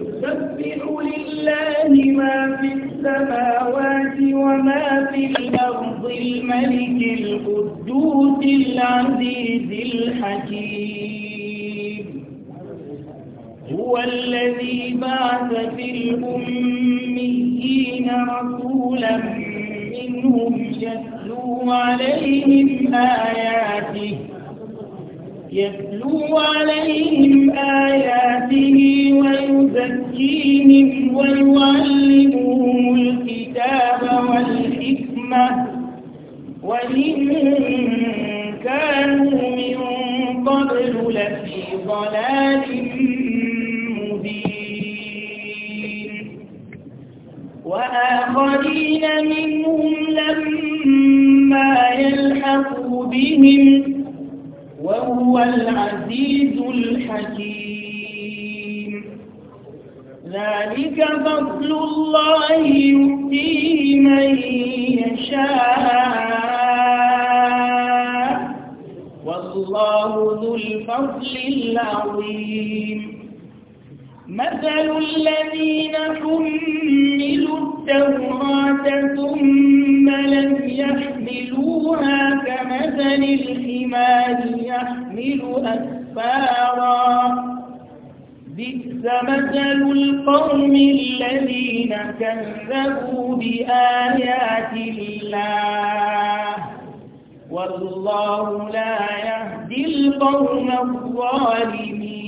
يسبح لله ما في السماوات وما في الأرض الملك القدوس العزيز الحكيم هو الذي بعث في الأميين رسولا رسولهم يتلو عليهم آياته يتلو عليهم آياته ويزكيهم ويعلمهم الكتاب والحكمة وإن كانوا من قبل لفي ضلال وآخرين منهم لما يلحق بهم وهو العزيز الحكيم ذلك فضل الله يؤتيه من يشاء والله ذو الفضل العظيم مثل الذين حملوا التوراة ثم لم يحملوها كمثل الحمار يحمل أسفارا بئس مثل القوم الذين كذبوا بآيات الله والله لا يهدي القوم الظالمين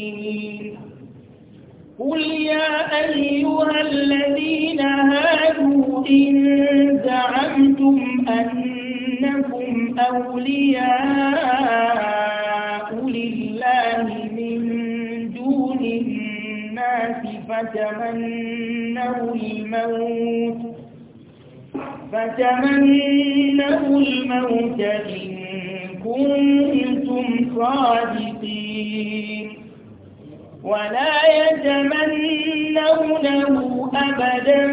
قل يا أيها الذين هادوا إن زعمتم أنكم أولياء لله من دون الناس فتمنوا الموت فتمنوا الموت إن كنتم صادقين ولا يتمنونه أبدا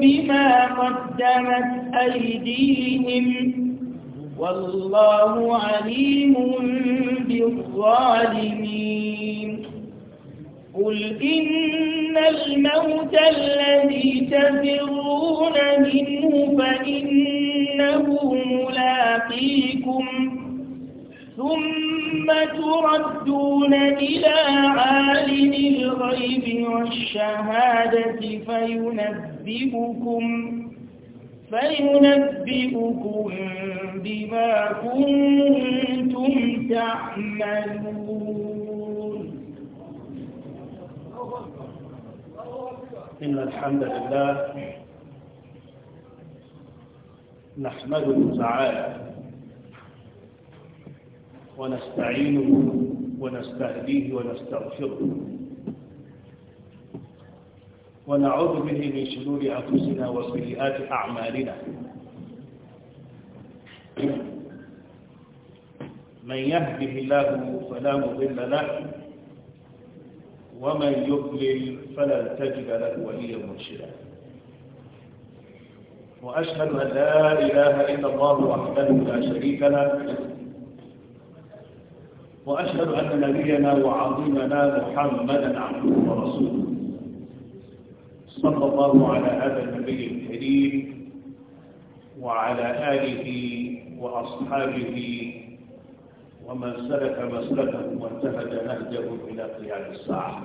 بما قدمت أيديهم والله عليم بالظالمين قل إن الموت الذي تفرون منه فإنه ملاقيكم ثم تردون إلى عالم الغيب والشهادة فينبئكم فينبئكم بما كنتم تعملون إن الحمد لله نحمده تعالى ونستعينه ونستهديه ونستغفره ونعوذ به من شرور أنفسنا وسيئات أعمالنا من يهده الله فلا مضل له ومن يضلل فلا تجد له وليا مرشدا وأشهد أن لا إله إلا الله وحده لا شريك له وأشهد أن نبينا وعظيمنا محمدا عبده ورسوله صلى الله على هذا النبي الكريم وعلى آله وأصحابه ومن سلك مسلكه وانتهج نهجه إلى قيام الساعة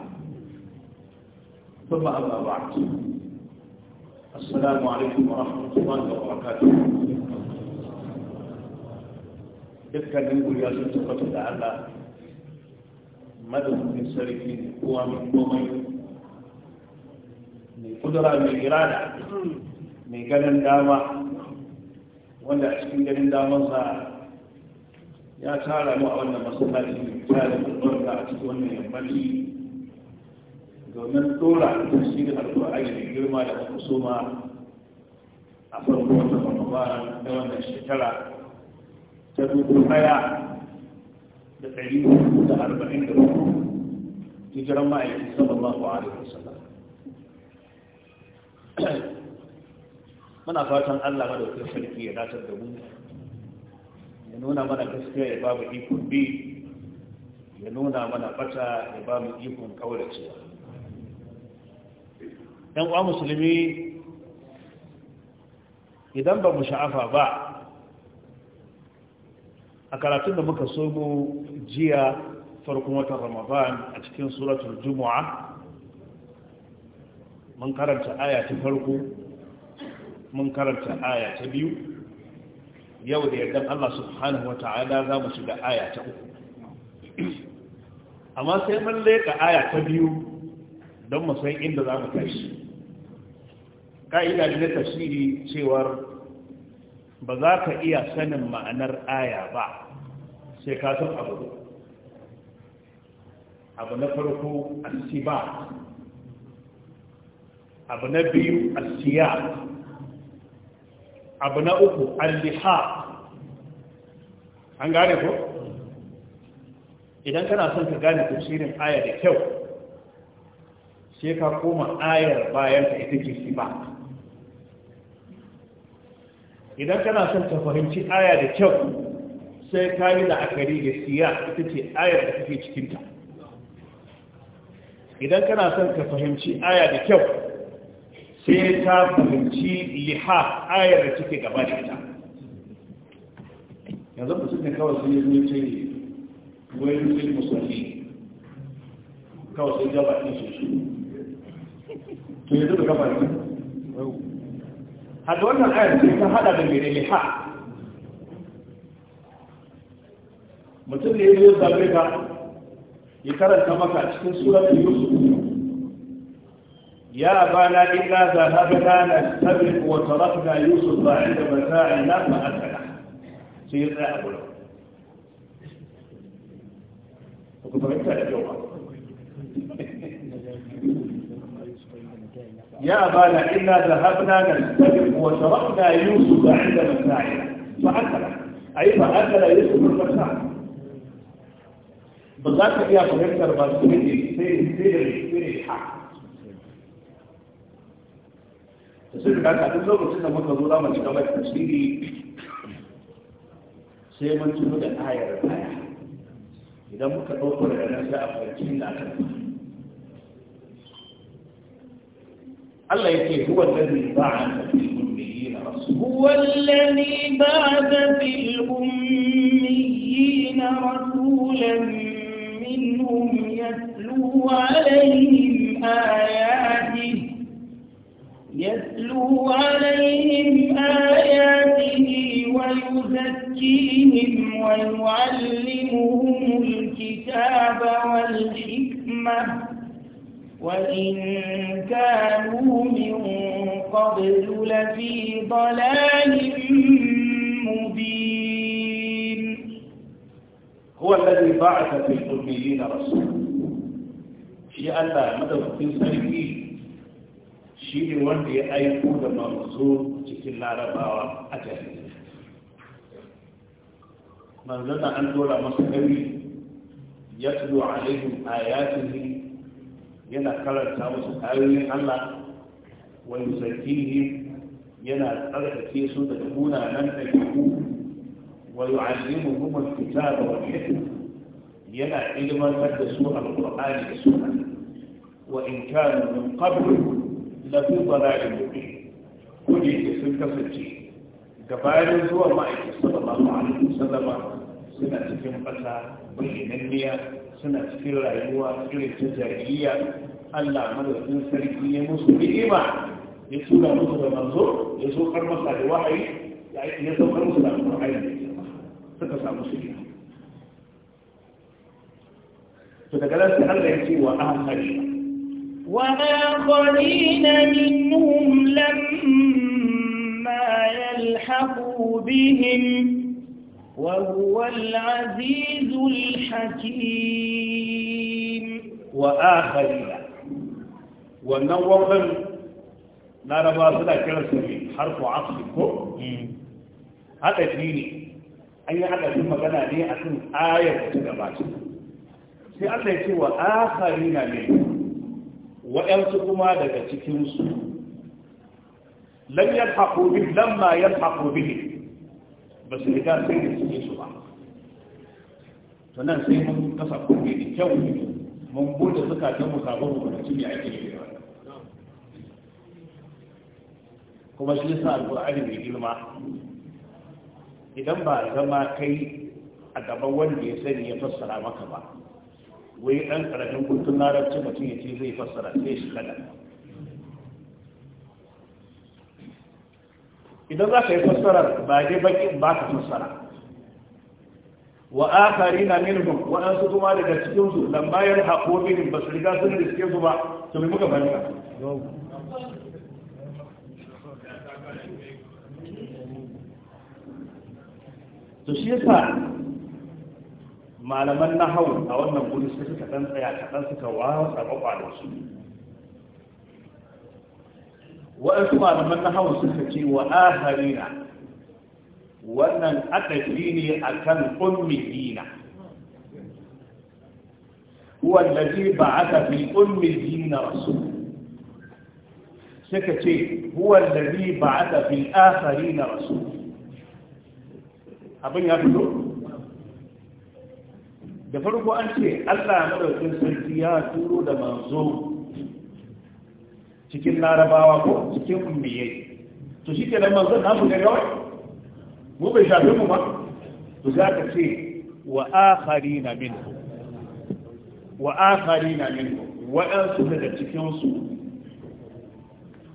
ثم أما بعد السلام عليكم ورحمة الله وبركاته dukkanin guriya sun tabbata da Allah madaukakin sarki ne kowa mai komai mai kudura mai irada mai ganin dama wanda a cikin ganin damansa ya tara mu a wannan masallaci mai tsarin albarka a cikin wannan yammaci domin dora tafsirin alkur'ani mai girma da aka soma a farko wata ramadan na wannan shekara ta dubu daya da ɗari da arba'in da uku hijiran ma'aikin sallallahu alaihi wasallam muna fatan Allah madaukakin sarki ya datar da mu ya nuna mana gaskiya ya babu ikon bi ya nuna mana bata ya babu ikon kauracewa ɗan uwa musulmi idan ba mu sha'afa ba a karatun da muka somo jiya farkon watan ramadan a cikin suratul juma'a mun karanta aya ta farko mun karanta aya ta biyu yau da yardan Allah subhanahu wa ta'ala za mu shiga aya ta uku amma sai mun leka aya ta biyu don mu san inda za mu tashi ka'ida da na tafsiri cewar ba za ka iya sanin ma'anar aya ba sai ka san abu abu na farko asiba abu na biyu asiya abu na uku alliha an gane ko idan kana son ka gane tafsirin aya da kyau sai ka koma ayar bayan ka ita ke siba idan kana son ka fahimci aya da kyau sai ka yi la'akari da siya ita ce ayar da kake cikinta idan kana son ka fahimci aya da kyau sai ka fahimci liha ayar da take gaba da ita yanzu mutum ne kawai sun yi zuci wani sun musulmi kawai sun gaba ɗin shi to yanzu da gaba ne hada wannan ayar ce ta hada da mere liha mutum ne ya zabe ka ya karanta maka cikin suratul yusuf يا بنا إذا ذهبنا نستبق وتركنا يوسف عند متاعنا فأكله سيدنا أبو لهب وكنت da ba. يا أبانا إنا ذهبنا نستجب وشربنا يوسف عند مساعنا فأكل أي فأكل يوسف المساعنا بذلك يا فهمتر بسيطي سيري سيري سيري حق تسيري كانت أدن لو رسينا مكذولا من جمع تسيري سيمن تنود الآية الآية إذا مكتوب لنا سأفرجين لأكل الله يكي هو الذي بعث في الأميين رسولا هو الذي بعث في الأميين رسولا منهم يتلو عليهم آياته يتلو عليهم آياته ويزكيهم ويعلمهم الكتاب والحكمة وإن كانوا من قبل لفي ضلال مبين هو الذي بعث في الأميين رسولا شيء ألا مدر في سيدي شيء وندي أي مرسول مرزول تكلا رباوة أجهد من لنا أن دول مصحبي يتلو عليهم آياته yana karanta musu ayoyin Allah wani yusakkihim yana tsarkake su daga munanan ɗabi'u wa yu'allimuhum al Fita wal hikma yana ilmantar da su al-qur'ani da sunna wa in kanu min qabl la fi dalalin mubin kuje da sun kasance gabanin zuwa ma'aikata sallallahu alaihi wasallam suna cikin fata bayyananniya suna cikin rayuwa cikin ta jahiliya Allah madaukin sarki ya musu ni'ima ya tura musu da manzo ya saukar masa da wahayi ya yi ya saukar musu da wahayi suka samu su gina to daga nan Allah ya ce wa ahari wa akharin minhum lamma yalhaqu bihim وهو العزيز الحكيم وآخرين ونوهم لا ما صدا كرسمي حرف عقل كو هذا ديني أي هذا ثم كان لي أكون آية تتبعش في الله يتوى آخرين لي وإنسكما لك تكنسوا لم يلحقوا به لما يلحقوا به ba su riga sai da suke su ba to nan sai mun kasa kuɗi da kyau mun bude zukatan mu sabon gwamnati cikin ake yi kuma shi yasa alƙur'ani mai girma idan ba zama kai a gaban wanda ya sani ya fassara maka ba wai ɗan ƙaramin kuntun larabci mutum ya ce zai fassara sai shi kada idan za ka yi fassarar ba ga bakin ba ka fassara wa akharina na minhum waɗansu kuma daga cikin su yan bayan binin ba riga sun riske su ba to me muka bani to shi yasa malaman nahau a wannan guri suka dan tsaya kaɗan suka wasa su waɗansu malaman na hawa suka ce wa aharina wannan adafi ne a kan ummihina wallazi ba aka fi ummihina rasul suka ce wallazi ba aka fi aharina rasul abin ya fito da farko an ce allah madaukin sarki ya turo da manzo cikin larabawa ko cikin ummiyai to shi ke nan manzon namu ne kawai mu bai shafi mu ba to za ka ce wa akhari na min wa akhari na min waɗansu daga cikinsu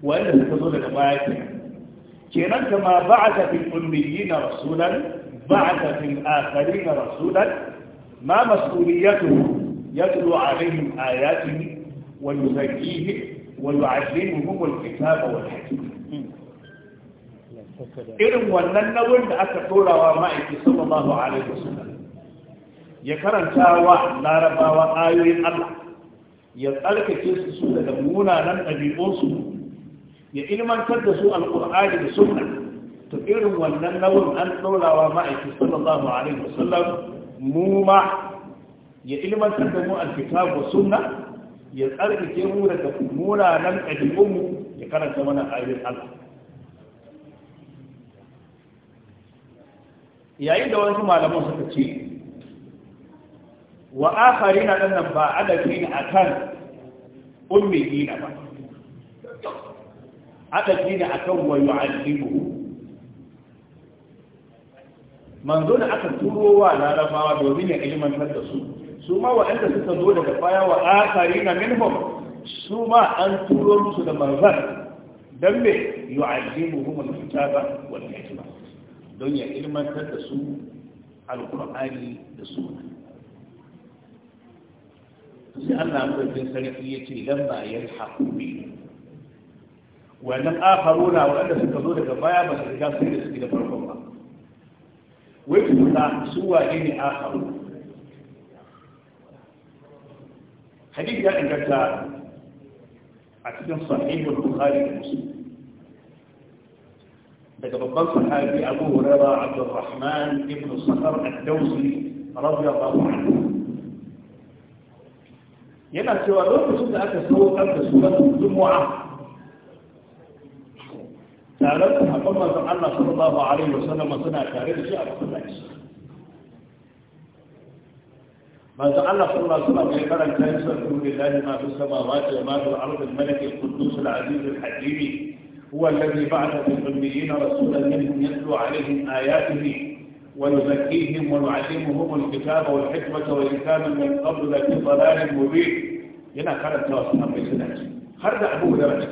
waɗanda suka zo daga baya ke kenan kama ba a ba'ata fil ummiyina rasulan ba'ata fil akharina rasulan ma mas'uliyatuhu yatlu alaihim ayatihi wa yuzakkihim ويعلمهم الكتاب والحكمة irin wannan nauyin da aka ɗorawa ma'aiki sallallahu alaihi wasallam ya karanta wa larabawa ayoyin Allah ya tsarkake su su daga munanan ɗabi'unsu ya ilmantar da su alƙur'ani da sunna to irin wannan nauyin an ɗorawa ma'aiki sallallahu alaihi wasallam mu ma ya ilmantar da mu wa sunna ya tsarkake mu daga munanan ɗabi'unmu ya karanta mana ayoyin Allah yayin da wasu malaman suka ce wa akari na nan ba adafi a akan ummi dina ba adafi na akan wa yu'allimu manzo da aka turo wa larabawa domin ya ilmantar da su su ma waɗanda suka zo daga baya wa akari na minhum su ma an turo musu da manzan don me yu'allimuhum al ba wani hikma don ya ilmantar da su alqur'ani da suna. sai an Allah mutum sarki ya yace lamma yalhaqu bi wannan na waɗanda suka zo daga baya ba su riga su da suke da farkon ba wai su su waje ne akharuna حديث كان عند التاريخ صحيح البخاري ومسلم فتبطل صحابي ابو هريره عبد الرحمن بن صخر الدوسي رضي الله عنه يما سوى لو كنت اتسوى قبل سوى الجمعه سالته حكم الله صلى الله عليه وسلم سنه كارثه على كل شيء ما تعلق الله سبحانه وتعالى ya karanta لله ما في السماوات وما في الأرض الملك القدوس العزيز الحكيم هو الذي بعث في الأميين رسولا منهم يتلو عليهم آياته ويزكيهم ويعلمهم الكتاب والحكمة وإن كان من قبل لفي ضلال مبين هنا خرج توسط في سنة خرج أبو هريرة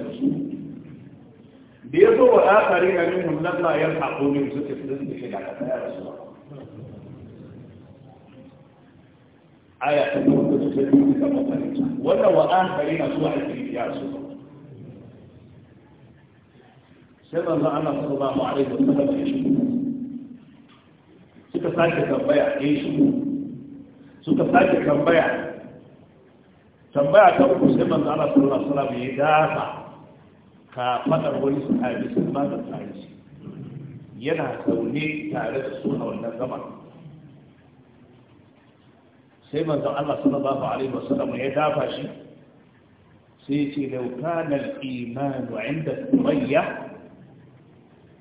ليزور آخرين منهم لما يلحقوا من سكة رزقه لك يا رسول الله aya ta farko da ta biyu ta mafarki wannan wa akari na zuwa aiki ya su sai ban na ba manzo Allah sallallahu alaihi wasallam ya shi suka sake tambaya ya shi suka sake tambaya tambaya ta uku sai ban na Allah ba, alaihi wasallam ya dafa ka fadar wani sahabi su ba da tsari yana zaune tare da su a wannan zaman sai manzon Allah sallallahu alaihi wasallam ya dafa shi sai ce law kana al-iman 'inda umayya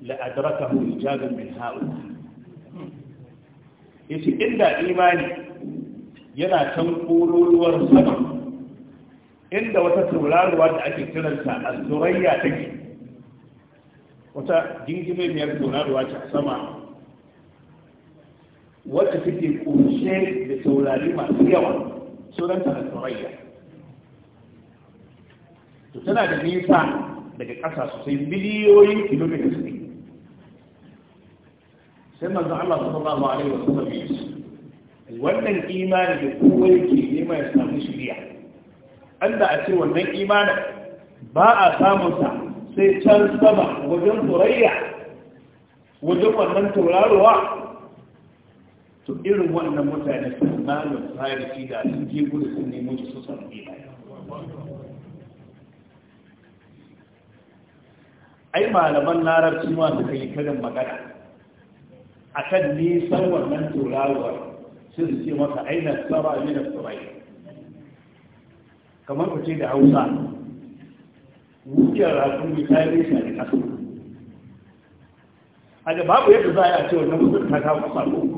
la adrakahu rijal min ha'ula yace inda imani yana can kururuwar sama inda wata tauraruwa da ake kiranta al-surayya take wata jingimemiyar tauraruwa ta sama wata wacce ke kunshe da taurari masu yawa sunanta al-surayya to tana da nisa daga ƙasa sosai miliyoyin kilomita ne sai manzo Allah sallallahu alaihi wa sallam wannan imani da kowa yake neman ya samu shiriya Allah a ce wannan imani ba a samun sa sai can sama wajen surayya wajen wannan tauraruwa to irin wannan mutane su malin fariki da sun je gudu sun nemo su su samu ila ai malaman larabci ma suka yi karin magana a kan nisan wannan turaruwar sun ce masa aina tsara mina tsarai kamar ku ce da hausa wukiyar rakun misali shi a da babu yadda za a ce wannan mutum ta kawo ko.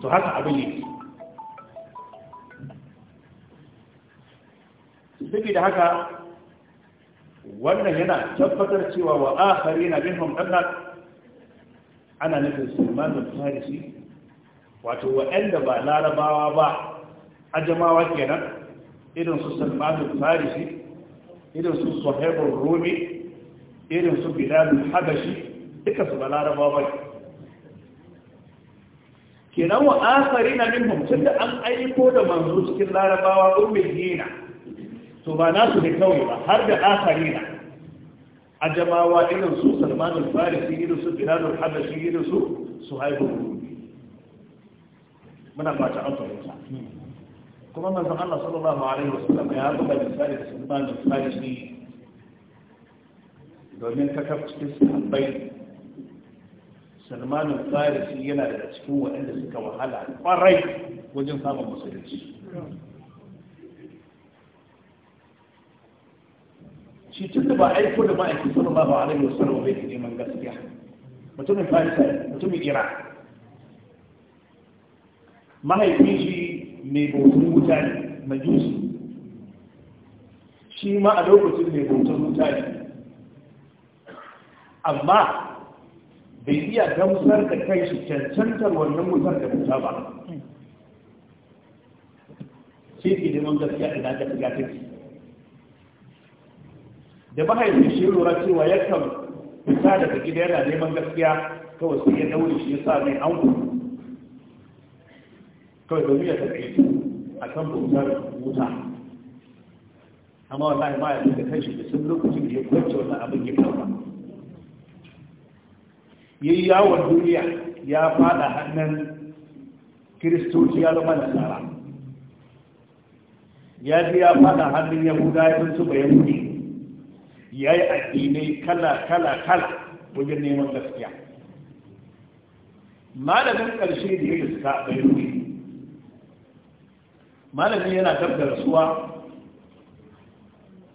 to haka abin ne da haka wannan yana tabbatar cewa wa akhari na minhum annat ana nufin sulmanin al-Farisi wato waɗanda ba larabawa ba a ajamawa kenan irin su sulmanin al-Farisi irin su Suhaib al-Rumi irin su bilalin al-Habashi duka su ba larabawa ba kenan wa akharina minhum tunda an aiko da manzo cikin larabawa ummiyina to ba nasu da kawai ba har da akharina ajamawa irin su Salman al-Farisi irin su Bilal al-Habashi irin su Suhaib al-Rumi muna fata an fahimta kuma manzon Allah sallallahu alaihi wasallam ya buga misali da Salman al-Farisi domin kakaf cikin sahabbai salmanin farisi yana daga cikin waɗanda suka wahala kwarai wajen samun musulunci shi tun da ba aiko da ma'aikin sallallahu alaihi wasallam bai da neman gaskiya mutumin farisa mutumin ira mahaifin shi mai bautar wuta ne majusi shi ma a lokacin mai bautar wuta ne amma bai iya gamsar da kai shi cancantar wannan musar da kuta ba sai ke neman gaskiya ina gaskiya ta ce da mahaifin shi lura cewa yakan fita daga gida yana neman gaskiya kawai sai ya daure shi ya sa mai an kawai domin ya tafi a kan bautar wuta amma wallahi ma ya da kai shi da sun lokacin da ya kwanci wannan abin ya kawo ya yi yawon duniya ya fada hannun kiristoci ya zama nasara ya ji ya fada hannun yahuda ya su ba yahudi ya yi addinai kala kala kala wajen neman gaskiya malamin ƙarshe da ya iska a yahudi malamin yana tabda rasuwa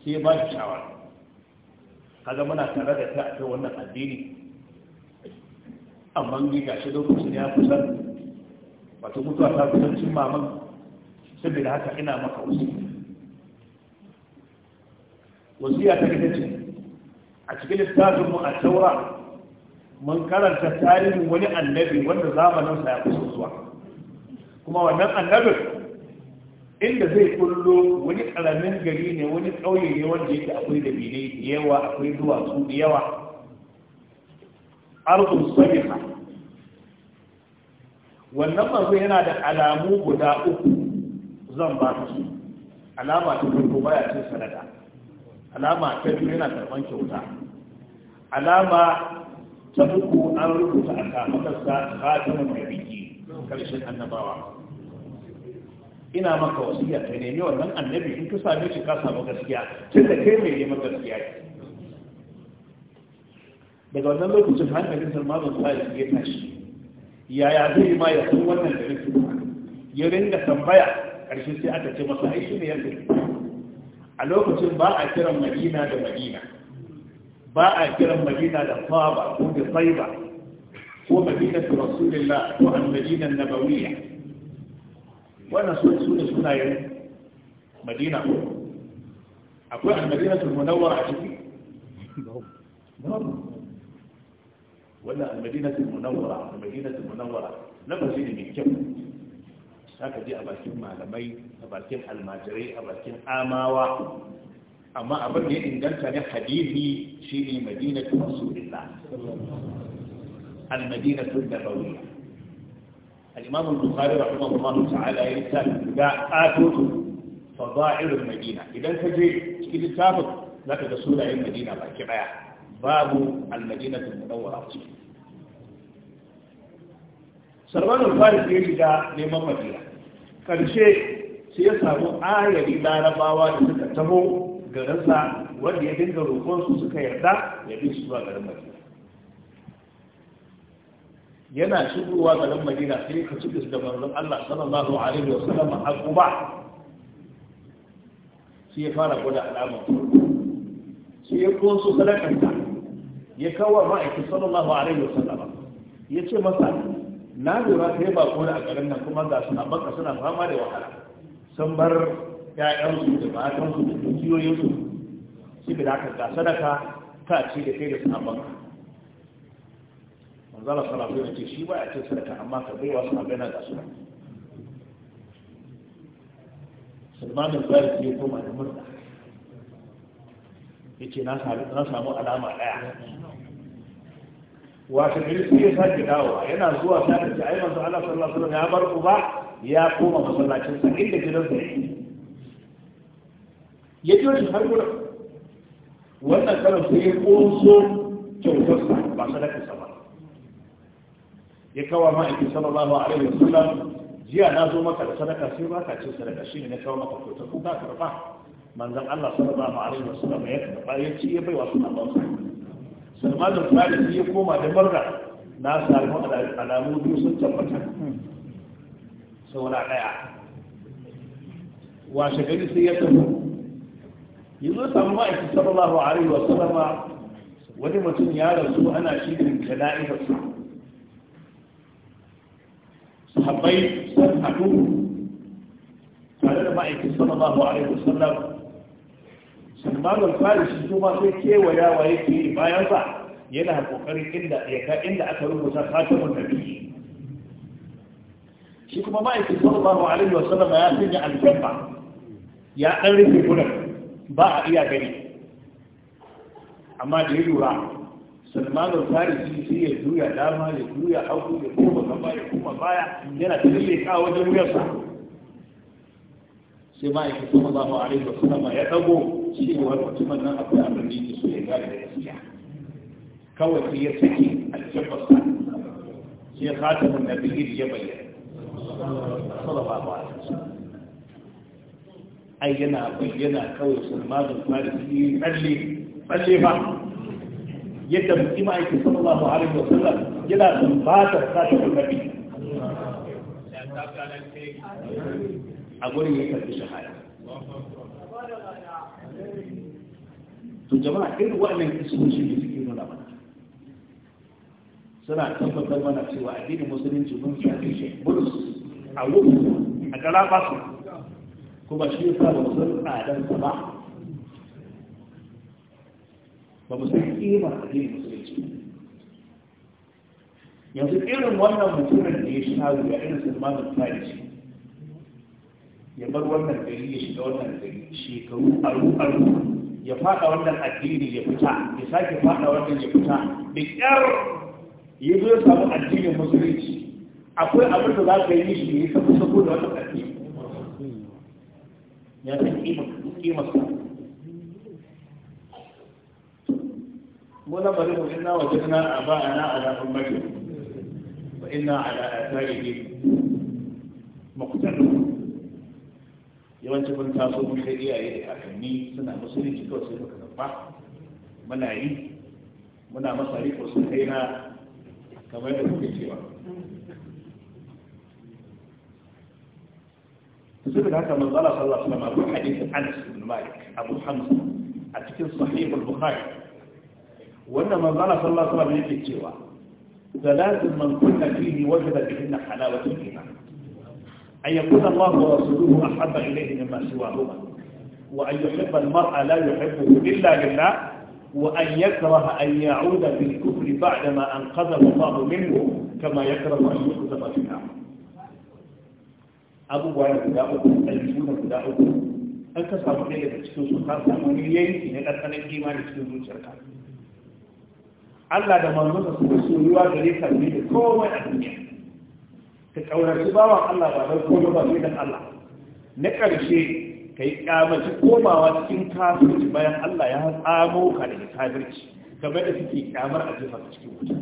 sai ba shi shawara kaga muna tare da ta a wannan addini amma ne ga shi lokacin ya kusan wato mutuwa ta kusan cin maman saboda haka ina maka wasu wasiya ta ita ce a cikin littafin mu a taura mun karanta tarihin wani annabi wanda zamaninsa ya kusa zuwa kuma wannan annabin inda zai kullo wani karamin gari ne wani kauye ne wanda yake akwai da bine yawa akwai duwatsu da yawa ardun sabiha wannan manzo yana da alamu guda uku zan ba su alama ta farko baya cin sadaka alama ta biyu yana karban kyauta alama ta uku an rubuta a kamakarsa khatamun mai biki karshen annabawa ina maka wasiya ka nemi wannan annabi in ka same shi ka samu gaskiya tun da kai mai neman gaskiya ne daga wannan lokacin hankalinsa malam sa'id ya tashi yaya zai ma ya san wannan da rikin ya ringa tambaya ƙarshe sai aka ce masa ai shi ne yadda a lokacin ba a kiran madina da madina ba a kiran madina da faba ko da saiba ko madina da rasulullah ko an madina nabawiyya wannan su su ne sunayen madina akwai al-madinatu munawwara a ciki wannan almadinatul munawwara almadinatul munawwara lafazi ne mai kyau haka je a bakin malamai a bakin almajirai a bakin amawa amma abin da ya inganta ne hadisi shine madinatu rasulillah almadinatu nabawiyya al-imam al-bukhari rahimahullahu ta'ala ya ta ga atutu fada'ir al-madina idan ka je cikin littafin zaka ga sunayen madina baki daya babu almadinatul munawwara ce sarwanul faris ya shiga neman madina karshe sai ya samu ayari larabawa da suka taho garinsa wanda ya dinga roƙonsu suka yarda ya bi su zuwa garin madina yana shigowa garin madina sai ka ci da manzon Allah sallallahu alaihi wa sallam a Quba sai ya fara gwada alamar sai ya kunso sadakarta ya kawo ma'aiki sallallahu alaihi wasallam ya ce masa na lura kai ba ko da a garin nan kuma ga suna baka suna fama da wahala sun bar ƴaƴansu da matansu da dukiyoyinsu shi da aka ga sadaka ta ce da kai da suna baka manzala sallallahu alaihi ce shi ba ya ce sadaka amma ka baiwa suna gana ga suna Salman al-Bari ya koma da murna ya ce na samu alama ɗaya wasu gari su ya sake dawowa yana zuwa ta da ce ai manzo Allah sallallahu alaihi ya bar ku ba ya koma masallacin sa inda gidan sa yake ya ji wani har gura wannan karan sai ya ƙunso kyautar sa ba su sa sama ya kawo ma aiki sallallahu alaihi wasallam jiya na zo maka da sadaka sai ba ka ce sadaka shine na kawo maka kyautar ku ka rufa manzan Allah sallallahu alaihi wasallam ya karba ya ci ya bai wa sunan Allah Salman al-Farisi ya koma da barka na samu alamu biyu sun tabbata saura daya washe gari sai ya tafi yanzu samu ma'aikin sallallahu alaihi wasallama wani mutum ya rasu ana shirin jana'ibarsa sahabbai sun haɗu tare da ma'aikin sallallahu alaihi wasallam sulmanul al-farisi kuma sai kewayawa yake yi bayan sa yana kokarin inda ya ka inda aka rubuta fatimun nabi shi kuma ma'aikin sallallahu alaihi wasallam ya sanya alkamba ya dan rufe gudan ba a iya gani amma da ya lura sulman al-farisi sai ya juya dama ya juya hagu ya kuma gaba ya kuma baya yana tilile ka wajen wuyarsa sai ma'aikin sallallahu alaihi wasallam ya dago cewar mutumin nan akwai abin da yake so ya gane da gaskiya kawai sai ya saki aljabarsa sai khatamun nabiyyi ya bayyana sallallahu alaihi wasallam ai yana bayyana kawai sulmanin farisi tsalle tsalle ba yadda mutum ake sallallahu alaihi wasallam yana tambatar khatamun nabiyyi a gurin ya karbi shahada jama'a irin waɗannan kisoshi ne suke nuna mana suna tabbatar mana cewa addinin musulunci mun sami shi burus a wurin a galabasu kuma shi yasa ba musul tsadar sa ba ba mu san kimar addinin musulunci yanzu irin wannan mutumin da ya sha wuya irin sulmanin farisi ya bar wannan gari ya shiga wannan gari shekaru aru aru ya fada wannan addini ya fita ya sake fada wannan ya fita da kyar ya zo ya samu addinin musulunci akwai abin da za ka yi shi ya sabu sabo da wannan addini ya san kima sa mola na bari mu inna wa jinna ana ala ummati wa inna ala atharihi muqtadun yawanci mun taso mun kai iyaye da kakanni suna musulunci kawai sai muka zamba muna yi muna masa riko sun kai na kamar da kuke cewa saboda haka manzo Allah sallallahu alaihi wasallam a hadisin Anas ibn Malik Abu Hamza a cikin sahih al-Bukhari wannan manzo Allah sallallahu alaihi wasallam yake cewa ثلاث من كنا فيه وجد بهن حلاوة الإيمان أن يكون الله ورسوله أحب إليه مما سواهما وأن يحب المرء لا يحبه إلا لله وأن يكره أن يعود في الكفر بعدما أنقذه الله منه كما يكره أن يكتب في النار abubuwa guda uku ɗabi'u na guda uku an ka samu ɗaya daga cikin su ka samu wani yanki na ɗanɗanon kima da cikin zuciyarka Allah da manzonsa su da soyuwa gare ka ne da komai a duniya ka ƙaunaci bawan Allah ba don kuma ba sai dan Allah na ƙarshe ka yi ƙyamaci komawa cikin kafirci bayan Allah ya tsamo ka daga kafirci kamar da suke ƙyamar a jefa cikin wuta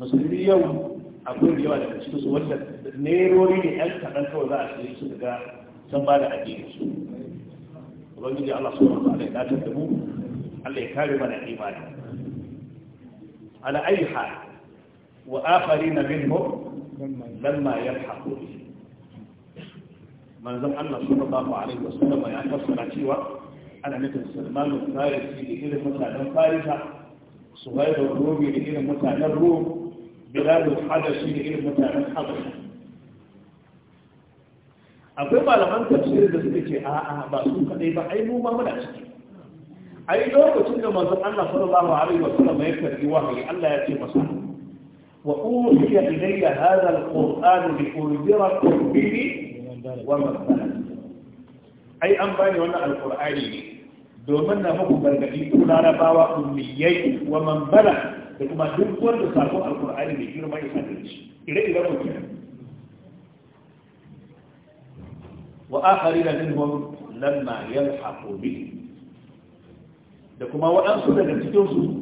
musulmi yau akwai da yawa daga cikin su wanda nerori ne yan kaɗan kawai za a ce su daga san ba da addini su ubangiji Allah subhanahu wa ta'ala ya da mu Allah ya kare mana imani ala ayi hal وآخرين منهم لما يلحقوا به manzon Allah sallallahu alaihi wasallam ya fassara cewa ana nufin Salman al-Farisi da irin mutanen Farisa Suhaib al da irin mutanen Rum Bilal al-Hadashi da irin mutanen akwai malaman tafsir da suke ce a'a ba su kadai ba ai mu ma muna ciki ai lokacin da manzon Allah sallallahu alaihi wasallam ya karbi wahayi Allah ya ce masa وأوحي إلي هذا القرآن لأنذركم به ومن أي أنباني وأنا القرآن domin na muku gargaɗi ku larabawa ummiyai wa mambala da kuma duk wanda sakon alkur'ani da girma ya sadar shi ire-iren mutum wa akari da minhum lamma yalhaqu bi da kuma waɗansu daga cikin su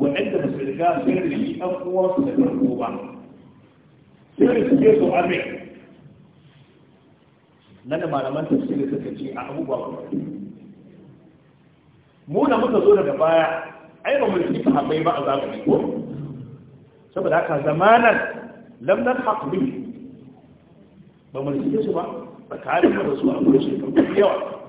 waɗanda ba su riga sun rigi ɗan uwansu da farko ba sun rigi su ame Na da malaman tafsiri suka ce a abubuwa ba mu da muka zo daga baya ai ba mu rigi sahabbai ba a zamani ko saboda haka zamanan lam nan haƙuri ba mu rigi su ba Ba tsakanin da su a gurin shekaru yawa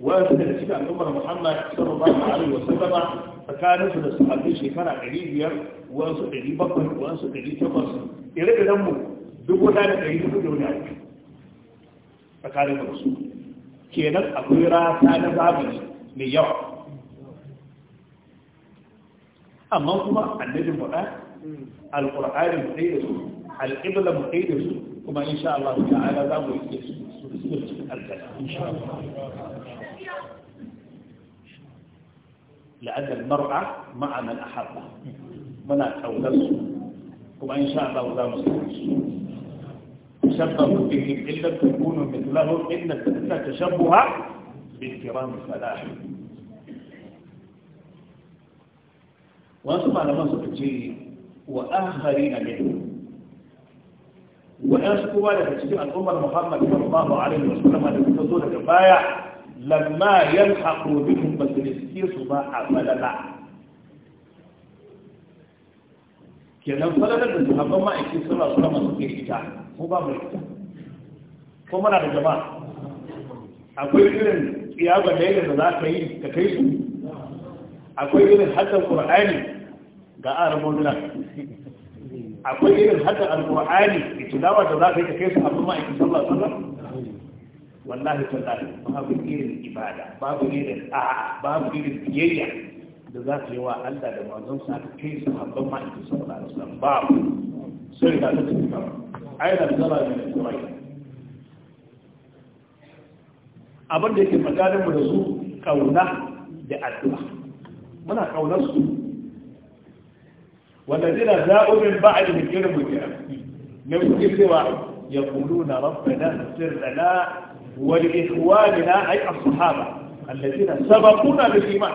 wa'ansu daga cikin al'ummar muhammad sallallahu alaihi wa sallama tsakaninsu da su haɗe shekara 500 wansu bakwai, wansu takwas ire-iren mu duk wata da 400 da wani tsakanin da su kenan akwai rata na zamani mai yawa amma kuma mu faɗa alƙur'ani mu ɗaya da su alƙibla mu ɗaya da su kuma insha Allah ta'ala za mu yi su su su su su su su su لأن المرأة مع من أحبها منا تولد كما إن شاء الله لا مستقيم تشبهوا بهم إن لم تكونوا مثلهم إن الفتنة تشبه بالكرام الفلاح وأنتم على منصب الجيل وآخرين منهم وأنتم على تشجيع الأمة محمد صلى الله عليه وسلم لتفضل الرباية lamma yalhaqu bihim ba su riske su ba a falala kenan falalar da sahabban ma'aikin suna alaihi masu suke ita ko ba mu ita ko muna da jama'a akwai irin tsiyabar da da za ka yi ka kai su akwai irin haddar qur'ani ga arabon nan akwai irin haddar alqur'ani da tilawa da za ka yi ka kai su abin ma'aikin sallallahu alaihi wallahi tallahi babu irin ibada babu irin a'a babu irin biyayya da za su yi wa Allah da manzon sa kai su habban ma'aikata sallallahu alaihi wasallam ba sai da ta tafi kawai ai da zaba ne kawai abin da yake maganar mu da su kauna da addu'a muna kaunar su wanda zina za'u min ba'di min irin mutum ne muke cewa yaquluna rabbana sirrana ولإخواننا أي الصحابة الذين سبقونا بالإيمان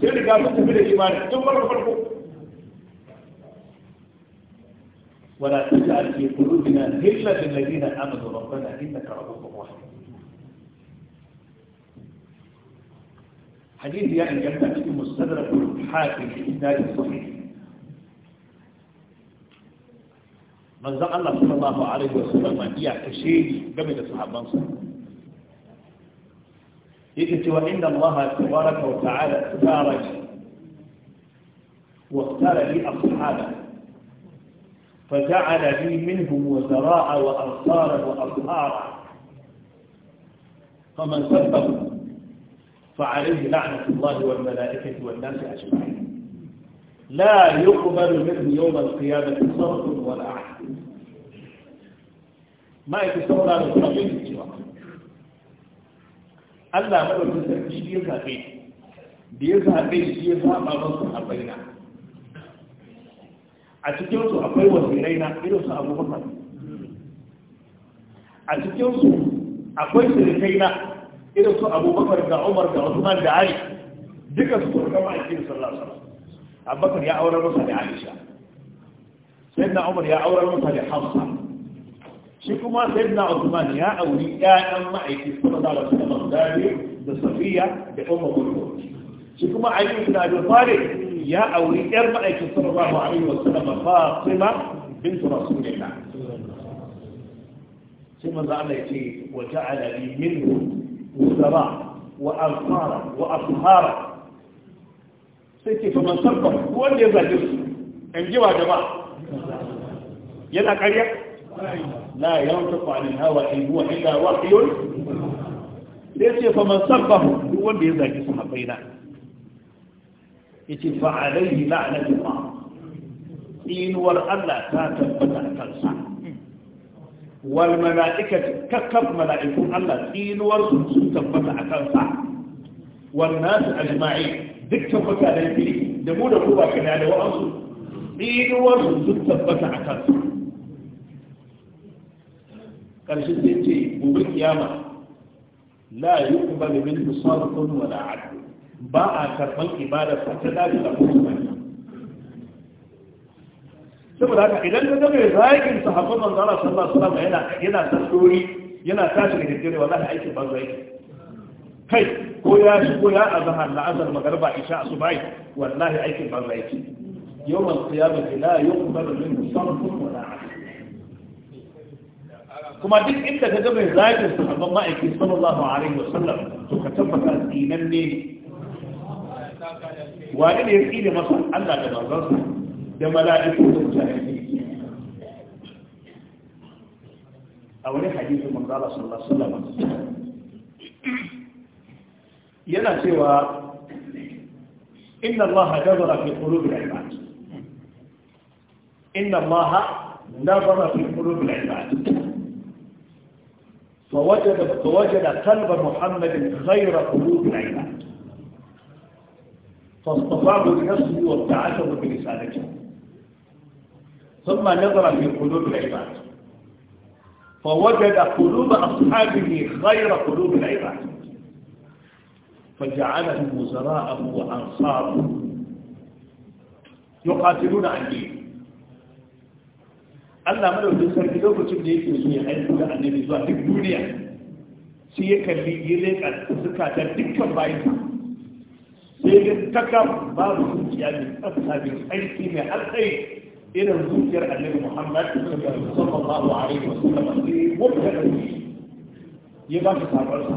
سير قابلت في الإيمان مرة فرقوا ولا تجعل في قلوبنا غلا للذين آمنوا ربنا إنك رؤوف رحيم حديث يعني جمع في مستدرك الحاكم في الإسناد الصحيح من Allah الله صلى الله عليه وسلم ni قبل da yake cewa الله تبارك وتعالى wa واختار لي أصحابه فجعل لي منهم وزراء وأرصار وأصهارا فمن سبب فعليه لعنة الله والملائكة والناس أجمعين لا يقبل منه يوم القيامة صرف ولا عهد ما يتصور على الطبيب Allah madaukin sarki shi ya zaɓe da ya zaɓe shi ya zaɓa masu haɓaina a cikinsu akwai wasirai na irinsu abubuwan. a cikinsu akwai sirikai na irinsu abubuwan abubakar ga umar ga usman da ali duka su kurkama a cikin sallallahu alaihi abubakar ya aurar masa da aisha sai na umar ya aurar masa da hamsa shi kuma sai na Usman ya auri ƴaƴan ma'aiki kuma da wasu da Mazdabi da Safiya da Umar Kullu shi kuma Ali ibn Abi Talib ya auri ƴar ma'aiki sallallahu alaihi wasallam Fatima bint Rasulillah sai manzo Allah ya ce wa ja'ala li minhu wuzara wa alfara wa afhara sai ke faman sabba wanda ya zaje su in ji wa jama'a yana ƙarya لا ينطق عن الهوى إن هو إلا وحي ليس فمن سبه هو اللي يزاكي صحبينا يتي فعليه لعنة الله إن ور الله تاتبت أكلسا والملائكة ككب ملائكة الله إن ور سنتبت أكلسا والناس أجمعين ذكتبت عليه دمونا هو كان على وأنصر إن ور سنتبت أكلسا ƙarshe sai ce gobe kiyama la yuqbalu musamman sadaqun wala adl ba a karban ibada ta dace da musulmi saboda haka idan ka zama zagin sahabban manzo Allah sallallahu alaihi wasallam yana yana tsori yana tashi da dare wallahi aikin ba zai kai ko ya ko ya azhar la azhar magarba isha asubai wallahi aikin ba zai yawmal qiyamah la yuqbalu minhu sadaqun wala adl kuma duk inda ka ga mai zagin sahabban ma'aikin sallallahu alaihi wasallam to ka tabbata tsinan ne wani ne ya tsine masa Allah da manzansa da mala'iku da mutane a wani hadisi manzo Allah sallallahu alaihi wasallam yana cewa inna Allah nazara fi qulubi al-ibad inna Allah nazara fi qulubi al-ibad فوجد فوجد قلب محمد غير قلوب العباد فاصطفاه بنفسه وابتعثه برسالته ثم نظر في قلوب العباد فوجد قلوب أصحابه غير قلوب العباد فجعلهم وزراءه وأنصاره يقاتلون عن دينه Allah madaukin sarki lokacin da yake zuwa aiki da annabi zuwa duk duniya sai ya kalli ya leƙa zukatan dukkan bayan sai ya taka babu zuciya mai tsafta mai aiki mai alƙai irin zuciyar annabi Muhammad sallallahu alaihi wasallam sai wanda da ya ba shi sabar sa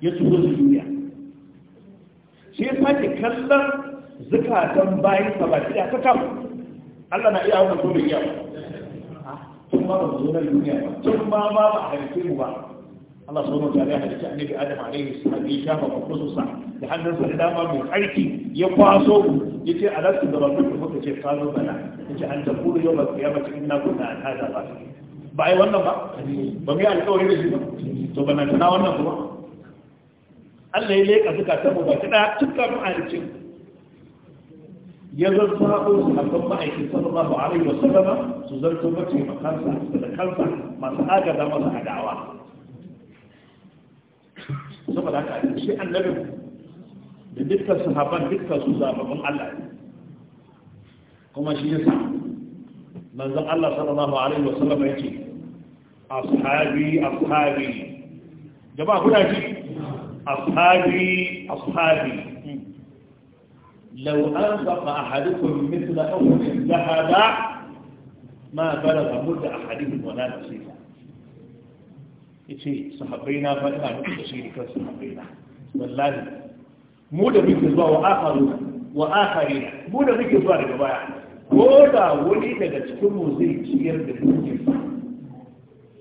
ya tuzo duniya sai ya sake kallon zukatan bayan sa ba ta kafa Allah na iya wannan gobe iya tun ba ba mu zo nan duniya ba tun ma ma ba a halitta mu ba Allah subhanahu wa ta'ala ya halitta annabi Adam alaihi salam ya shafa sa da hannun sa da dama mai karfi ya kwaso ya ce a rasu da bakin da muka ce kano bana ya ce an tafi yau ba ya mace in na kuna an hada ba ba yi wannan ba ba mu yi alkawari da shi ba to ba na tana wannan kuma Allah ya leƙa suka tabo ba ta daya tun kafin a rikin ya zarta haɗo su a kan ma'aikin sallallahu alaihi wa sallama su zarto mace makansa da kansa masu agada masa adawa saboda haka shi annabin da dukkan sahaban dukkan su zababin Allah kuma shi yasa manzon Allah sallallahu alaihi wa sallama yake ashabi ashabi jama'a kuna ji ashabi ashabi لو أنفق أحدكم مثل أحد ذهب ما بلغ مد أحدهم ولا نصيبا yace sahabbai na fa nufin da shi ne kan sahabbai wallahi mu da muke zuwa wa akharu wa akharina mu da zuwa daga baya wani daga cikin mu zai ciyar da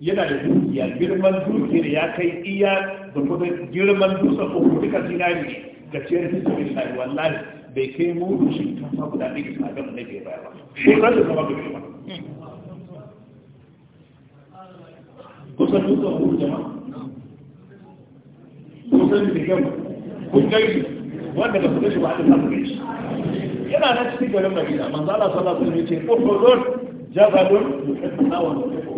yana da dukiya girman dukiyar ya kai iya da kuma girman dutsen ko duka zinari ga ciyar mai dukiyar wallahi bai kai mudu shinkafa guda ɗaya da tsadar da ke baya ba shekarar da kama gari ba kusan dukkan hudu jama'a kusan da gama kun gari wanda ba su gashi ba a samu gashi yana na cikin garin madina manzala sallallahu alaihi wasallam yace uhudun jabalun yuhibbuna wa nuhibbu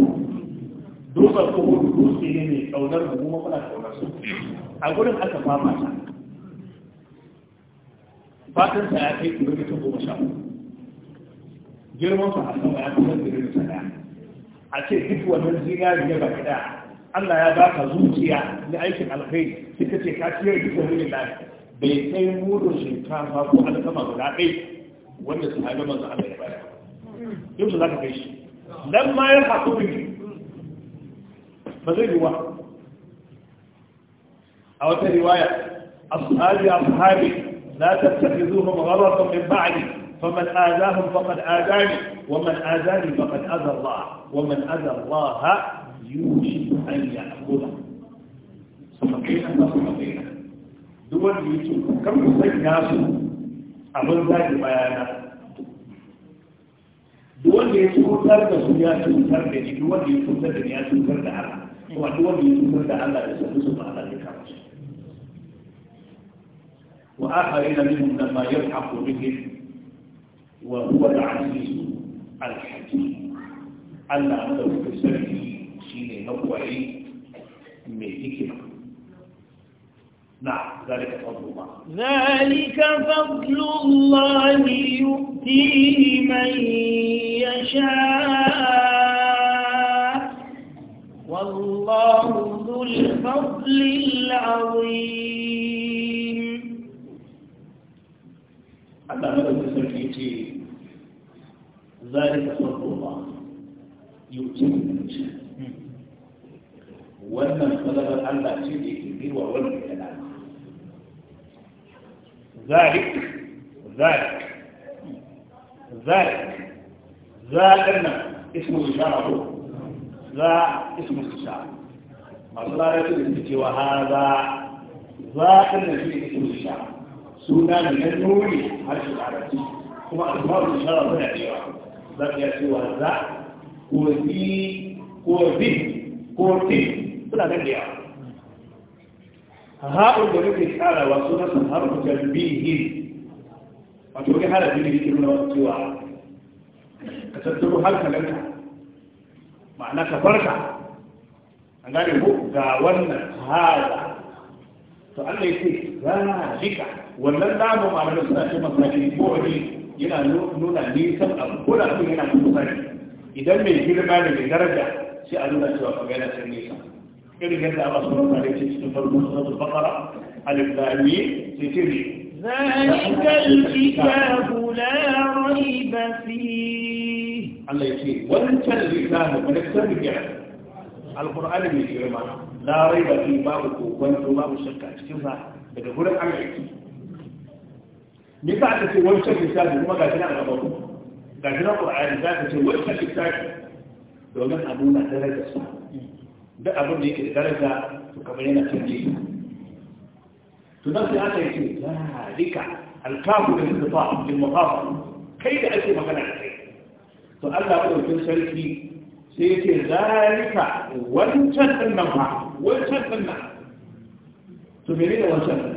dukkan uhud dutse ne mai kaunar mu kuma kuna su a gurin aka fama ta fatan sa ya kai kilomita goma sha uku girman sa hasan ya kusan kilomita ɗaya a ce duk wannan zinari ne baki ɗaya Allah ya baka zuciya na aikin alkhairi sai ka ce ka ciyar da sabbin lafiya bai kai mudun shinkafa ko alkama guda ɗai wanda su haɗe manzo Allah ya bayar yau su za ka kai shi dan ma ya haɗu ne ba zai yi wa a wata riwaya ashabi ashabi لا تتخذوهم غرضا من بعدي فمن آذاهم فقد آذاني ومن آذاني فقد أذى الله ومن أذى الله يوشك أن يأخذه صحقين أنت دول يوشك كم يصير ناسه أبن ذاك بيانا دول يوشك ترد سياسة ترد دول يوشك ترد ياسة ترد على ودول يوشك ترد على يسلسل على ذلك وآخرين منهم لما يلحق بهم وهو العزيز الحكيم ألا أنه في سبيل سين من ميتك نعم ذلك فضل الله ذلك فضل الله يؤتيه من يشاء والله ذو الفضل العظيم Allah na ɗauki sarki ce zai ka farko ba yau ce wannan falalar Allah ce da ke girwa wannan ya dama zalik zalik zalik zaɗin nan ismu ishara ko za ismu ishara masu lalata da suke cewa ha za zaɗin nan shi ismu suna da na nuni harshen larabci kuma alfawar ishara suna da yawa za ka iya cewa za ko zi ko zi ko ti suna da yawa ha'ul da nake tsarawa suna sun harfu jalbihi wato wani harafi ne ke nuna wasu cewa ka tattaro hankalinka ma'ana ka farka an gane ko ga wannan hada to Allah ya ce za zalika wannan lamun malamai suna ce masa ko wani yana nuna nisan abu ko da abin yana kusa idan mai girma da mai daraja sai a nuna cewa kaga yana can nisa irin yadda a subhanahu wa ta'ala ce cikin farko suratul baqara alif lam sai ce ne ذلك الكتاب لا ريب فيه الله يكفي وانت الكتاب من السبع القران من لا ريب فيه باب وانت باب الشك اشتبه daga wurin arziki me yasa aka ce wancan littafi kuma gashi na al'abaru gashi na ƙur'ani za ka ce wancan littafi domin a nuna daraja su da abin da yake da daraja to kamar yana canje to nan sai aka yi ce zalika alkafu da suka fa bil muqafa kai da ake magana da kai to Allah ko kin sarki sai yake zalika wancan din nan fa wancan din nan to menene wancan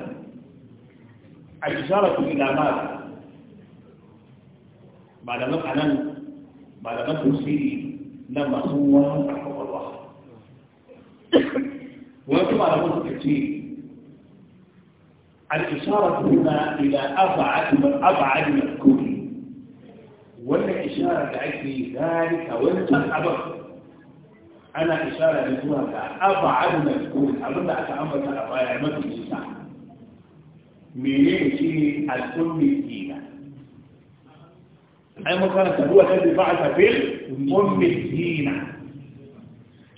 الإشارة إلى ماذا؟ بعد ما أنا بعد ما تصير لما هو رحمه الله ويجب على من التفسير الإشارة هنا إلى أبعد من أبعد من الكون ولا إشارة لأجل ذلك وأنت أبعد أنا إشارة لزوجها أبعد من الكون أبدا أتأمل على غاية ما في menene shi ne al'ummin dina ai makaranta huwa ta zai ba'a fil ummin dina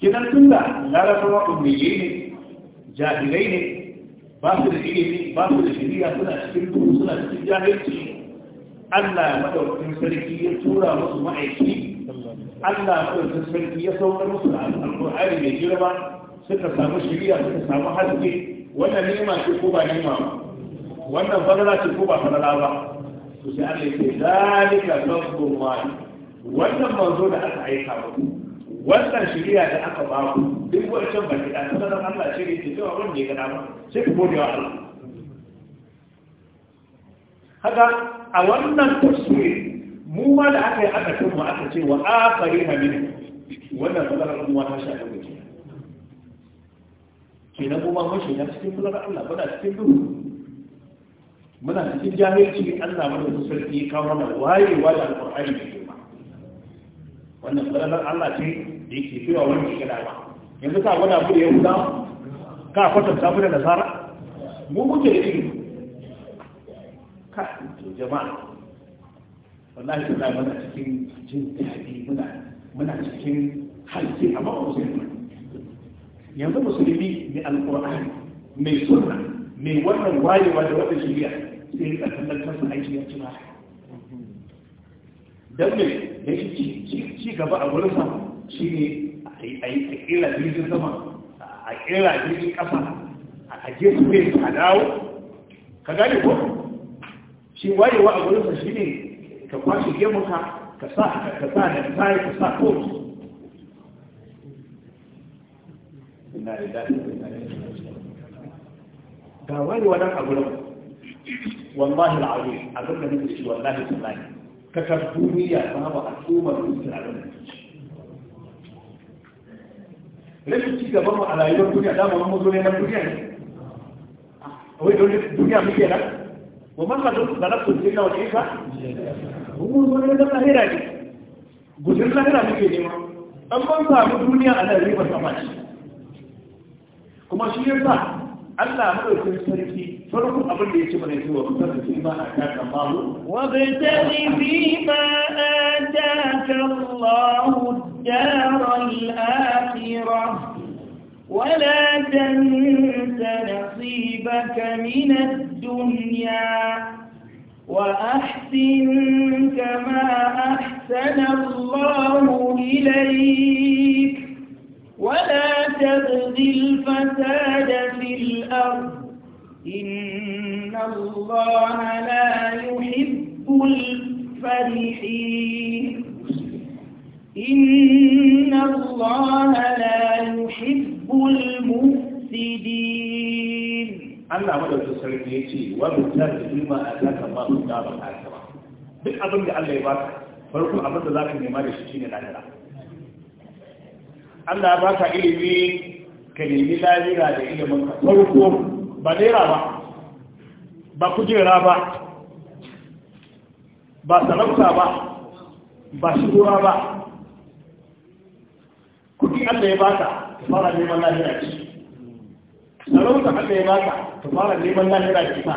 kidan tunda larabawa ummiye ne jahilai ne ba su da ilimi ba su da shari'a suna cikin duhu suna cikin jahilci Allah madaukakin sarki ya tura musu ma'aiki Allah madaukakin sarki ya saukar musu da alƙur'ani mai girma suka samu shari'a suka samu haske wannan nema ce ko ba nema ba wannan fadala ce ko ba fadala ba to sai Allah ce zalika fadlu Allah wannan manzo da aka aika ba wannan shirya da aka ba ku duk wancan ba ki da sanar Allah shi ne ke cewa wannan ya gada ba sai ku gode wa Allah haka a wannan tafsiri mu ma da aka yi aka tun mu aka ce wa akari na mini wannan fadalar kuma ta sha lokaci ke na ma mun shiga cikin fadalar Allah ba da cikin duhu muna cikin jahilci Allah mana sarki ya kawo mana wayewa da alƙur'ani da girma wannan falalar Allah ce da yake cewa wani ke gada ba yanzu ka gwada mu da yahuda ka kwatanta mu da nasara mu muke da ilimi ka to jama'a wallahi kuna muna cikin jin daɗi muna muna cikin halki a ba musulmi yanzu musulmi mai alƙur'ani mai sunna mai wannan wayewa da wata shirya sai rika kallon kansa a yi ya tuna don me da shi ci gaba a wurin sa shi ne a yi a kera jirgin sama a kera jirgin ƙasa, a je su ne a dawo ka gane ko shi wayewa a wurin sa shi ne ka kwashe gemunka ka sa ka sa da tsari ka sa kotu ga wani wadan abu da والله العظيم أبدا نفسي والله تعالى كتبتوني يا بابا أتوبة نفسي على ليش تيجي بابا على يوم الدنيا لا ما هو زوجي لم يجي هو يقول الدنيا آه، مشي لا وما هذا بدل تجينا وجهك هو مو زوجي لم يهرا لي غزير لهرا لي كذي ما أما هذا الدنيا على ريبة ما شيء كم أشياء Allah madaukakin sarki farko abin da ya ce mana yake wa kusan da ma a taka Allahu wa bidani bi ma ataka Allahu dar al-akhirah ولا تنس نصيبك من الدنيا وأحسن كما أحسن الله إليك ولا تبغي الفساد إن الله لا يحب الفرحين إن الله لا يحب المفسدين Allah madaukakin sarki ya ce wa mutar da ilma a zaka ba su da ba ta duk abin da Allah ya baka farko abin da zaka nema da shi shine lahira Allah baka ilimi ka nemi lahira da ilimin ka farko ba naira ba ba kujera ba ba sarauta ba ba shigura ba kudi Allah ya baka ta fara neman lahira ce sarauta Allah ya baka ta fara neman lahira ce ta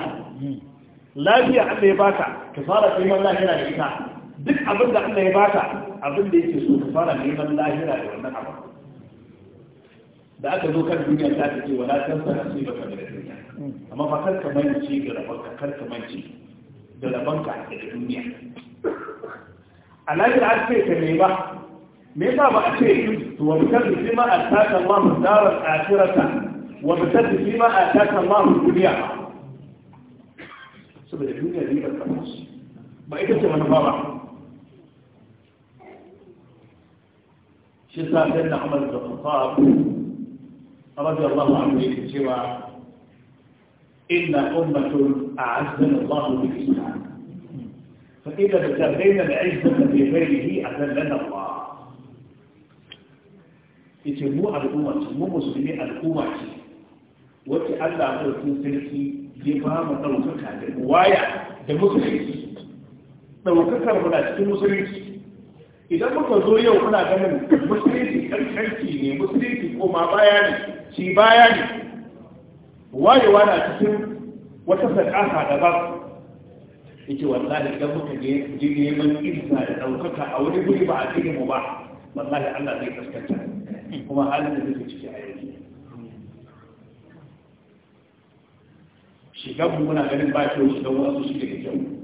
lafiya Allah ya baka ta fara neman lahira da ita duk abin da Allah ya baka abin da yake so ta fara neman lahira da wannan abu da aka zo kan duniya ta ta ce wala tan sana sai baka da duniya amma fa kar ka mance da rabanka kar ka mance da rabanka da duniya alaji an ce ka ne ba me yasa ba a ce wa bitar da fima a taka Allah darar akhirata wa bitar da fima a taka Allah duniya ba saboda duniya ne ba ta ba ita ce manufa ba shi sa sai na amal da tsara رضي الله عنه سوى إن أمة أعزنا الله بالإسلام فإذا ابتغينا العزة في غيره أذلنا الله yace mu al'umma ce mu musulmi al'umma ce wacce Allah ɗaukin sarki ya ba mu ɗaukaka da waya da muna cikin musulunci idan muka zo yau kuna ganin musulunci karkarki ne musulunci koma baya ne shi baya ne wayewa na cikin wata sadaka da ba wallahi idan muka je je neman isa da daukaka a wani guri ba a cikin mu ba wallahi Allah zai kaskanta kuma halin da zai ciki a yau shigan mu muna ganin ba kyau shigan wasu shi da kyau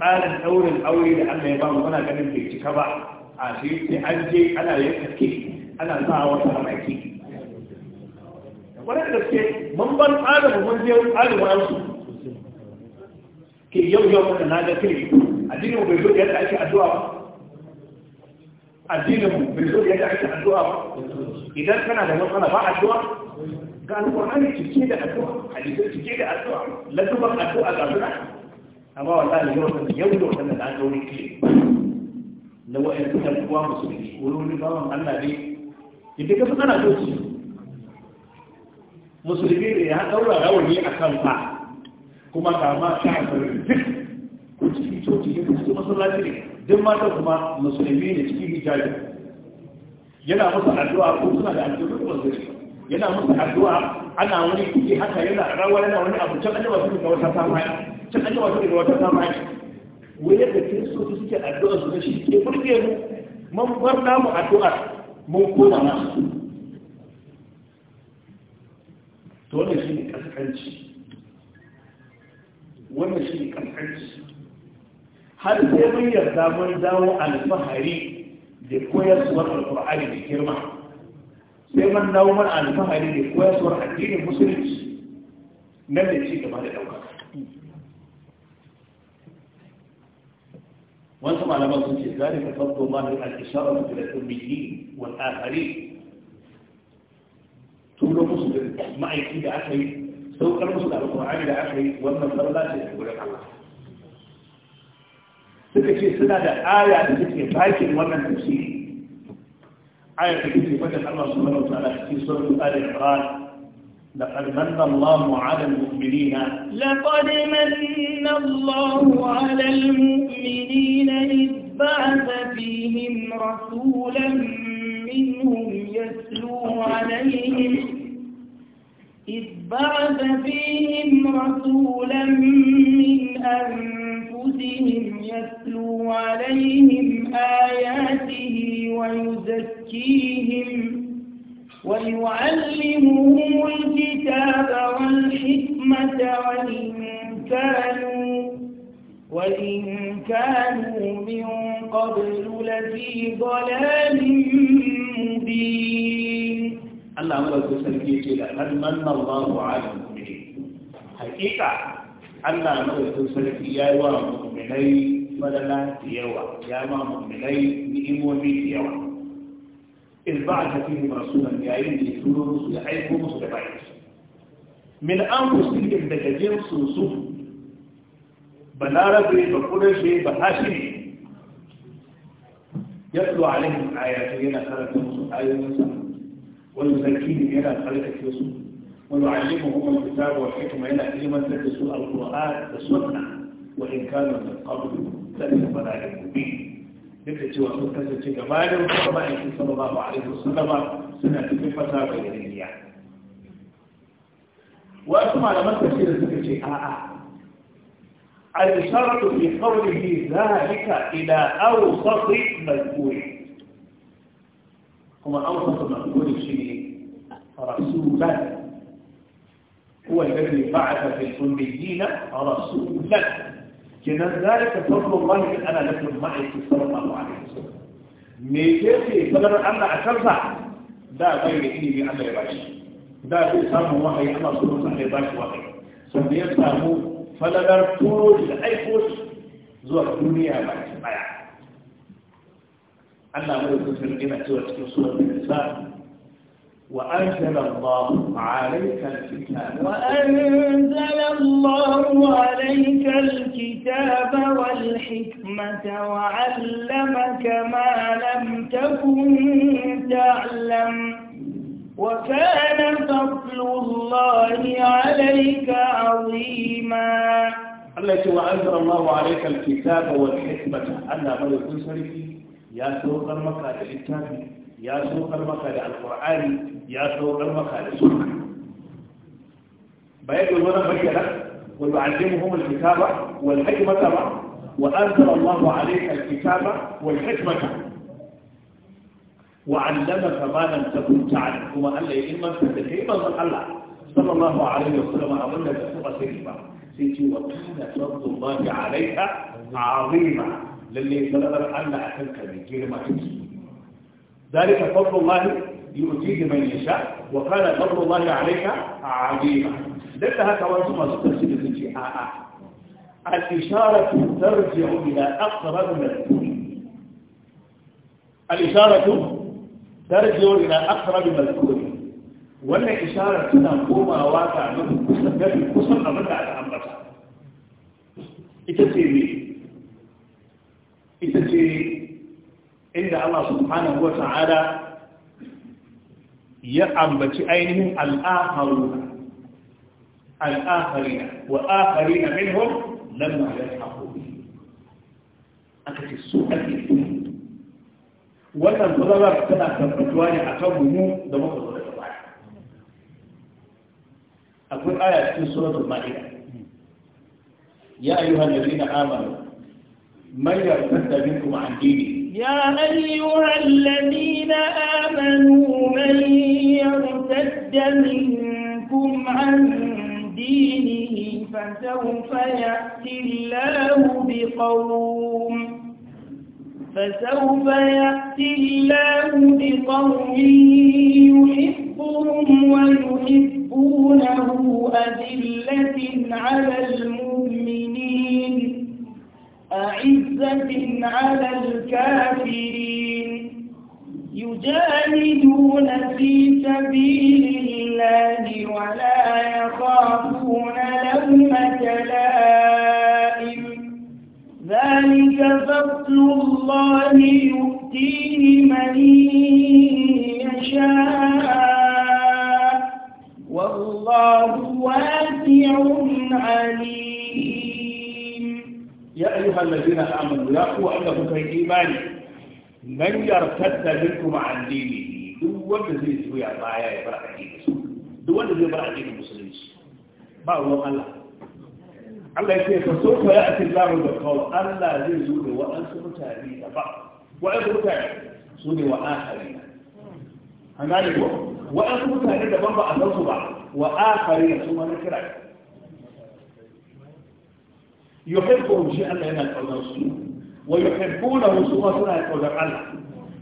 tsarin ɗaurin aure da Allah ya ba mu muna ganin bai cika ba a shi sai an je ana yin kake ana sa wata hamaki kwanan da suke mun ban tsarin mun je tsarin wasu. ke yau yau kuma na ga kai addinin mu bai zo yadda ake addu'a ba addinin mu bai zo yadda ake addu'a ba idan kana da matsala ba addu'a ga alƙur'ani cike da addu'a hadisai cike da addu'a ladubar addu'a ga suna amma wallahi yau da yau da wannan da aka wuri ke na wa'in kusan kuwa musulmi wurin bawan Allah ne idan ka fara doki musulmi ne ya daura rawani kan fa kuma ga ma ta duk kuci coci ne kuci masallaci ne duk mata kuma musulmi ne cikin hijabi yana musu addu'a ko suna da addu'a ko wasu yana musu addu'a ana wani kuke haka yana rawar yana wani abu can an yi wasu da wata samaya can an yi wato daga wata kama ne wai yadda kiristoci suke addu'a su da shi ke burge mu mun bar namu addu'a mun koma nasu to wannan shi ne kaskanci wannan shi ne kaskanci har sai mun yarda mun dawo alfahari da koyarwar alkur'ani da girma sai mun dawo mun alfahari da koyarwar addinin musulunci nan da ci gaba da ɗauka وانتم على ما كنت ذلك فضل الله الإشارة إلى الأميين والآخرين ثم مصدر ما يكيد أخي سوق المصدر القرآن إلى أخي والنصر لا لك الله تكشي سنة آية تكشف فاكر وانا تفسير آية تكشف فتح الله سبحانه وتعالى في سورة آل عمران لقد من الله على المؤمنين لقد من الله على المؤمنين إذ بعث فيهم رسولا منهم يتلو عليهم إذ بعث فيهم رسولا من أنفسهم يتلو عليهم آياته ويزكيهم ويعلمهم الكتاب والحكمة وإن كانوا وإن كانوا من قبل لفي ضلال مبين الله ملك سلكي كلا هل من الله على المؤمنين حقيقة الله ملك سلكي يا يوا مؤمني ولنا يوا يا مؤمني نئم ومي يوا البعث فيهم رسولا يعين يتولوا رسول يحيكوا رسول بعيد من أنفسهم دجاجين صوصوف بلاربي بقرش بهاشمي يتلو عليهم آياته ينا خلق يوسف آياته ويزكيهم ينا خلق يوسف ويعلمهم الكتاب والحكمة ينا كلمة تدسوا القرآن والسنة وإن كانوا من قبل تدسوا بلاربي duk da cewa sun kasance gabanin kuma ma'aikin sallallahu alaihi wasallama suna cikin fata bayyaniya wasu malaman tafsirin suka ce a'a الشرط في قوله ذلك إلى أوسط مذكور هو أوسط مذكور شيء رسولا هو الذي بعث في الأميين رسولا kenan zalika fadlu Allah in ana nafin ma'aiki sallallahu alaihi wasallam me yake fadar Allah a kansa da bai da ilimi Allah ya bashi da bai samu wahayi Allah subhanahu wa ta'ala ya bashi wahayi sannan ya samu fadalar turo da aiko zuwa duniya ba ta baya Allah mai sun yana cewa cikin surar da وأنزل الله عليك الكتاب وأنزل الله عليك الكتاب والحكمة وعلمك ما لم تكن تعلم وكان فضل الله عليك عظيما التي وأنزل الله عليك الكتاب والحكمة أنا ملك سريك يا سوق المكان الكتابي يا سوق maka القرآن يا سوق saukar maka da sunna ba ويعلمهم الكتابة والحكمة وأنزل الله عليك الكتابة والحكمة وعلمك ما لم تكن تعلم وما قال لي إما تتكيما من الله صلى الله عليه وسلم أولا بسوء سيما سيتي وكان فضل الله عليك عظيما للي بلغ أن أحبك من كلمة ذلك فضل الله يؤتيه من يشاء وكان فضل الله عليك عظيما لك هكذا ثم تفسير الجي الإشارة ترجع إلى أقرب مذكور الإشارة ترجع إلى أقرب مذكور wannan isharar tana komawa ga nan kusan gari kusan abin da aka ambata ita ce ne ita ce inda Allah subhanahu wa ta'ala ya ambaci ainihin al'aharuna al'aharina wa aharina minhum lamma yalhaqu aka ce su ake wannan tsarar tana tabbatuwa ne a kan mu da muka zo daga baya akwai aya cikin suratul ma'ida ya ayyuhan ladina amanu man yartadda minkum an dinihi يا أيها الذين آمنوا من يرتد منكم عن دينه فسوف يأتي الله بقوم فسوف يأتي الله بقوم يحبهم ويحبونه أذلة على المؤمنين أعزة على الكافرين يجاهدون في سبيل الله ولا يخافون لومة لائم ذلك فضل الله يؤتيه من يشاء والله واسع عليم ya ayyuhal ladina amanu ya ku Allah kuka yi imani man yartadda minkum an dinihi duk wanda zai juya baya ya bar addini duk wanda zai bar addinin musulunci ba ruwan Allah Allah ya ce fa so fa ya ati Allah da kawo Allah zai zo da wa'ansu mutane da ba wa'ansu mutane su ne wa wa'ansu mutane daban ba a ba wa na kira yuhibbuhum shi Allah yana kaunar su wa yuhibbunahu su ma suna kaunar Allah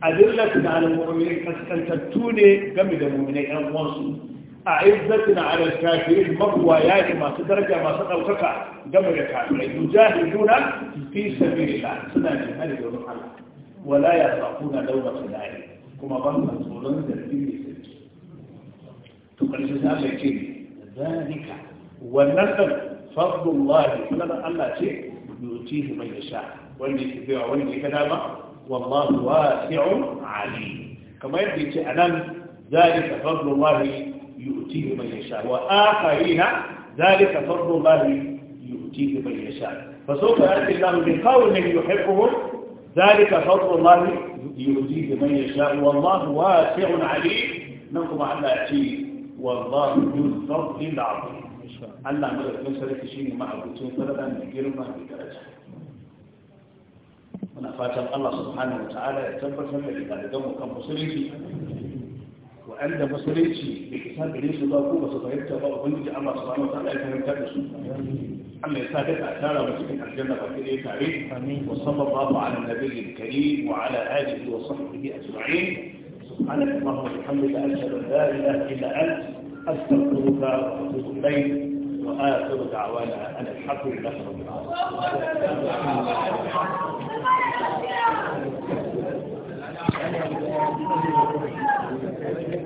adillatin ala mu'minin kaskantattu ne game da mu'minai yan uwansu a izzatin ala kafirin mabuwaya ne masu daraja masu ɗaukaka game da kafirai yujahiduna fi sabilillah suna jihadi domin Allah wala yasafuna dawlatan lahi kuma ban da tsoron to فضل الله فلما أما شيء يؤتيه من يشاء واللي يتبع واللي كذا والله واسع عليم كما يبدي تعلم ذلك فضل الله يؤتيه من يشاء وآخرين ذلك فضل الله يؤتيه من يشاء فسوف يأتي الله بقول من يحبهم ذلك فضل الله يؤتيه من يشاء والله واسع عليم نقم على أتيه والله ذو الفضل العظيم Allah madaukakin sarki shine ma'abucin sarara mai girma da daraja muna fatan Allah subhanahu wata'ala ya tabbatar da dalilan mu kan musulunci wa'anda musulunci da isa gare su ba ko ba su fahimta ba ubangiji Allah subhanahu wata'ala ya fahimta da su Allah ya sa duka a tara mu cikin aljanna ba kai tare amin wa sallallahu ala nabiyil karim wa ala alihi wa sahbihi ajma'in سبحانك اللهم وبحمدك أشهد أن لا إله إلا أنت أستغفرك وأتوب إليك وآخر دعوانا أن الحمد لله رب العالمين